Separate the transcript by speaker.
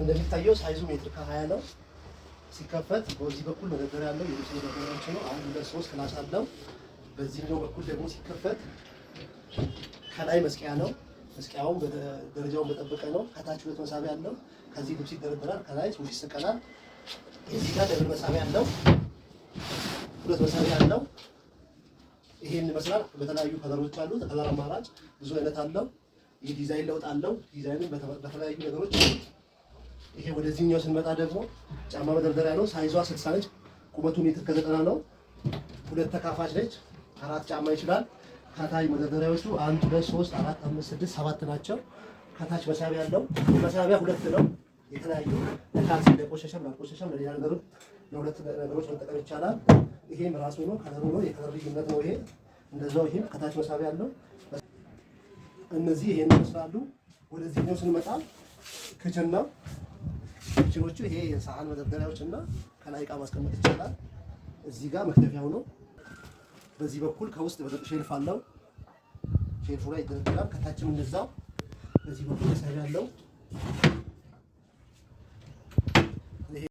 Speaker 1: እንደሚታየው ሳይዙ ሜትር ከሀያ ነው። ሲከፈት በዚህ በኩል መደበር ያለው የልብስ መደበሪያዎች ነው። አንድ ሁለት ሶስት ክላስ አለው። በዚህኛው በኩል ደግሞ ሲከፈት ከላይ መስቂያ ነው። መስቂያውን ደረጃውን በጠበቀ ነው። ከታች ሁለት መሳቢያ አለው። ከዚህ ልብስ ይደረደራል። ከላይ ሱፍ ይሰቀላል። እዚህ ጋር ደብል መሳቢያ አለው። ሁለት መሳቢያ አለው። ይሄን ይመስላል። በተለያዩ ከለሮች አሉት። ከለር አማራጭ ብዙ አይነት አለው። ይህ ዲዛይን ለውጥ አለው። ዲዛይኑን በተለያዩ ነገሮች ይሄ ወደዚህኛው ስንመጣ ደግሞ ጫማ መደርደሪያ ነው። ሳይዟ 60 ነች። ቁመቱ ሜትር ከዘጠና ነው። ሁለት ተካፋች ነች። አራት ጫማ ይችላል። ከታች መደርደሪያዎቹ አንድ፣ ሁለት፣ ሶስት፣ አራት፣ አምስት፣ ስድስት፣ ሰባት ናቸው። ከታች መሳቢያ አለው። መሳቢያ ሁለት ነው። የተለያዩ ለካልሲ ለቆሸሸም ላልቆሸሸም ለሌላ ነገሮች ለሁለት ነገሮች መጠቀም ይቻላል። ይሄም ራሱ ነው። ከለሩ ነው። የከለር ልዩነት ነው። ይሄ እንደዛው። ይሄም ከታች መሳቢያ አለው። እነዚህ ይሄን ይመስላሉ። ወደዚህኛው ስንመጣ ክችን ነው። ኪችኖቹ ይሄ የሳህን መደርደሪያዎች እና ከላይ እቃ ማስቀመጥ ይቻላል። እዚህ ጋር መክተፊያው ነው። በዚህ በኩል ከውስጥ በደቅ ሼልፍ አለው። ሼልፉ ላይ ይደረደራል። ከታችም እንደዛው በዚህ በኩል ሰሪ አለው።